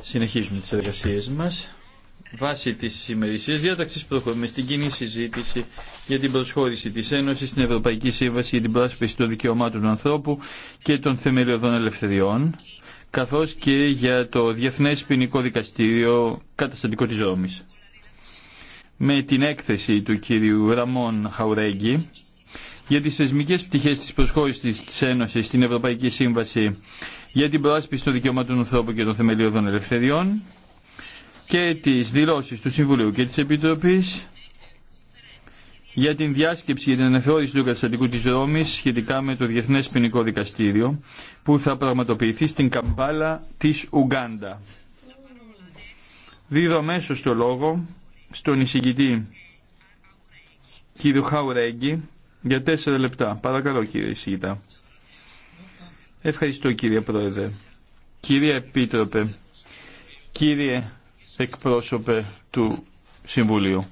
Συνεχίζουμε τις εργασίες μας. Βάσει της ημερησίας διάταξης προχωρούμε στην κοινή συζήτηση για την προσχώρηση της Ένωσης στην Ευρωπαϊκή Σύμβαση για την Πράσπιση των Δικαιωμάτων του Ανθρώπου και των Θεμελιωδών Ελευθεριών, καθώς και για το Διεθνές Ποινικό Δικαστήριο Καταστατικό της Ρώμης. Με την έκθεση του κύριου Ραμών Χαουρέγγι, για τις θεσμικές πτυχές της προσχώρησης της Ένωσης στην Ευρωπαϊκή Σύμβαση για την προάσπιση των δικαιωμάτων του ανθρώπου και των θεμελιωδών ελευθεριών και τις δηλώσεις του Συμβουλίου και της Επιτροπής για την διάσκεψη για την αναθεώρηση του καταστατικού της Ρώμης σχετικά με το Διεθνές Ποινικό Δικαστήριο που θα πραγματοποιηθεί στην Καμπάλα της Ουγκάντα. Δίδω αμέσως το λόγο στον εισηγητή κύριο Χαουρέγγι για τέσσερα λεπτά. Παρακαλώ κύριε Σίγητα. Ευχαριστώ κύριε Πρόεδρε. Κύριε Επίτροπε, κύριε εκπρόσωπε του Συμβουλίου.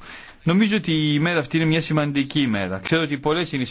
Νομίζω ότι η μέρα αυτή είναι μια σημαντική μέρα. Ξέρω ότι πολλές είναι